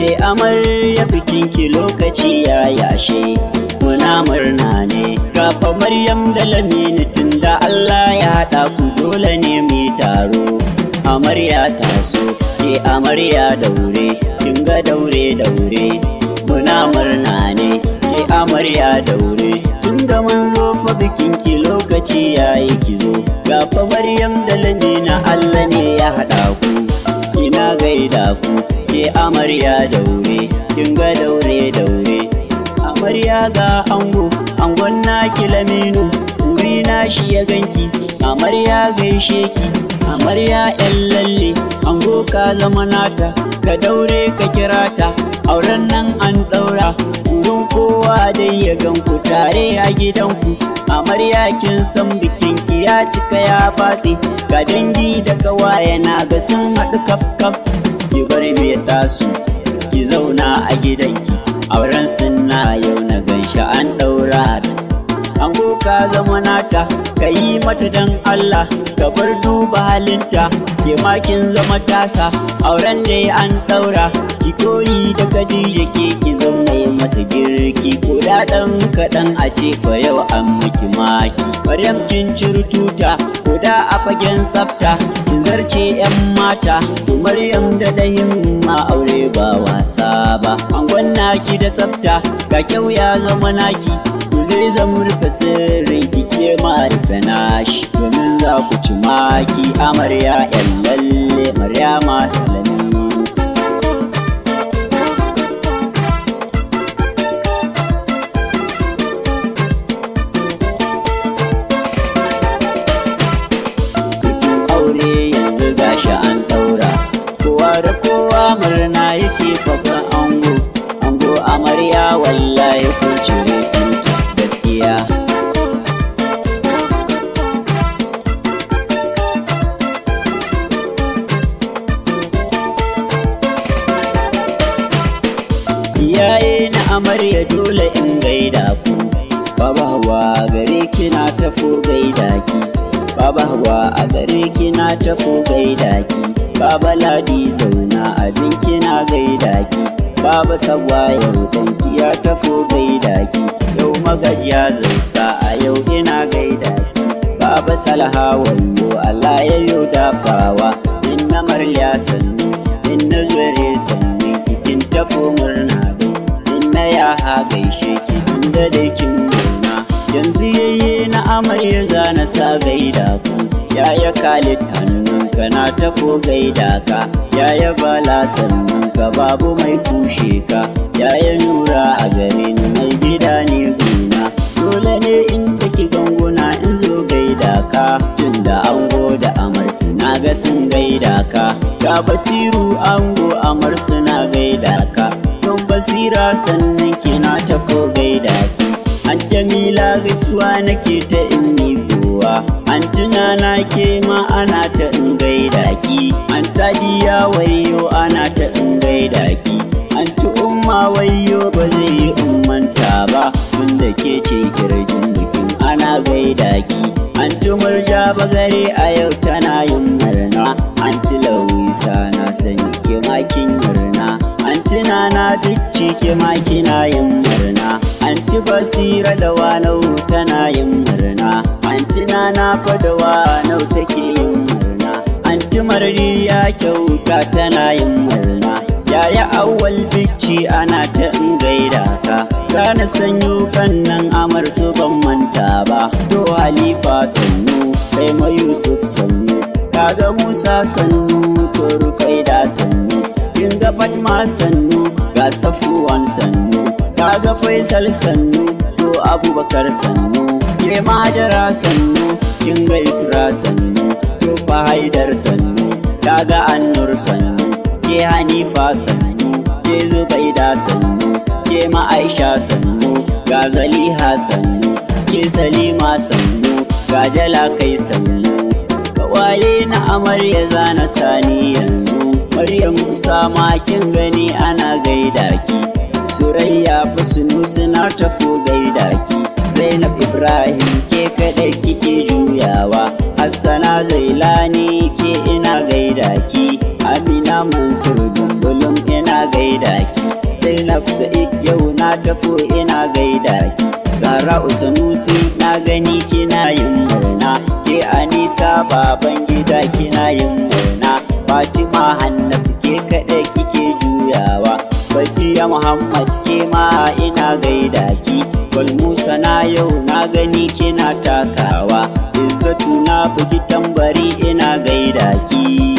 ke amarya bikinki lokaci ya yashe muna murna ne gafa maryam da lamini tunda Allah ya haɗa ku dole ne mu taro amarya taso ke amarya daure dinga daure daure muna murna ne ke amarya daure tunda mun zo fa bikinki lokaci ya yayi kizo gafa maryam da lamini Allah ne ya haɗa ku ina gaida ku amarya daure kinga daure daure amarya ga ango angon na kilaminu, wuri na shi ya ganki amarya gaishe ki amarya yan lalle ango ka zama nata ka daure ka kira ta auren nan an daura wurin kowa dai ya ku tare a gidanku amarya kin san bikin ki ya cika ya batse ga dangi da kawaye na ga sun haɗu kaf ki bar biya tasu ki zauna a gidan gidanki auren sunna yau na gaishe an daura da an ka zama nata ka yi mata dan Allah ka bar duba halinta ke makin zama tasa auren ne an daura ki koyi da kadija ke ki yi masa girki ko da dan kaɗan a ce fa yau an miki maki Maryam kin tuta ko da a fagen tsafta kin zarce yan mata Maryam da dayin ma aure ba wasa ba Angon naki da tsafta ga kyau ya zama naki Dole zan rufe sirrin kike ma rufe Domin za ku ci maki amarya yan lalle ta lalle. amarya dole in gaida ku babawa gare kina tafo gaida ki babawa a gare kina tafo gaida ki baba ladi zauna abin kina gaida ki baba sabwa yau zanki ya tafo gaida ki yau magajiya zai sa a yau ina gaida ki baba salaha wanzo Allah ya dafawa inna marliya sannu inna zuwa sannu in tafo murna raha gaishe ki tunda da kin nuna yanzu yayye na amai za na sa gaida ku yaya kalit hannunka na tafo gaida ka yaya bala ka babu mai kushe ka yaya nura a gare ni mai gida ne guna dole ne in take ganguna in zo gaida ka tunda ango da amar suna ga sun gaida ka ga basiru ango amar suna gaida ka basira sannan kina ta ko gaida an jamila gaisuwa nake ta inni kowa an tuna na ma ana ta in gaida ki an tsadiya wayo ana ta in gaida ki an ci umma wayo ba zai yi ummanta ba da ke ce kirjin bikin ana gaida ki an ba gare a yau tana yin murna an lauyi na sanyi kin makin murna tuna na duk ke makina yin murna anti basira da wanau tana yin murna anti nana fa da wuta take yin murna anti ya kyauta tana yin murna yaya awwal bicci ana ta in gaida ka kana sanyo kan nan amar su ban manta ba to halifa sannu kai ma yusuf sannu kaga musa sannu to rufai da sannu ga Fatma sannu ga Safuwan sannu ta ga Faisal sannu to Abubakar sannu ke Madara sannu kin ga Isra sannu to Fahidar sannu ta ga Annur sannu ke Hanifa sannu ke Zubaida sannu ke Ma'aisha sannu ga Zaliha sannu ke Salima sannu ga Jala kai sannu kawale na amarya zana sani yanzu Maryam Musa ma kin gani ana gaida ki Surayya Fusnu suna tafo gaida ki Zainab Ibrahim ke kaɗai kike juyawa Hassana Zailani ke ina gaida ki Amina Mansur Dumbulum ina gaida ki Zainab Sa'id yau na tafo ina gaida ki Gara Usanusi na gani kina yin murna Ke Anisa baban gida kina yin murna Fatima Hannafu ke kaɗai kike juyawa Fatiya Muhammad ke ma ina gaida ki Gwal Musa na yau na gani kina takawa Izzatu na bugi tambari ina gaida ki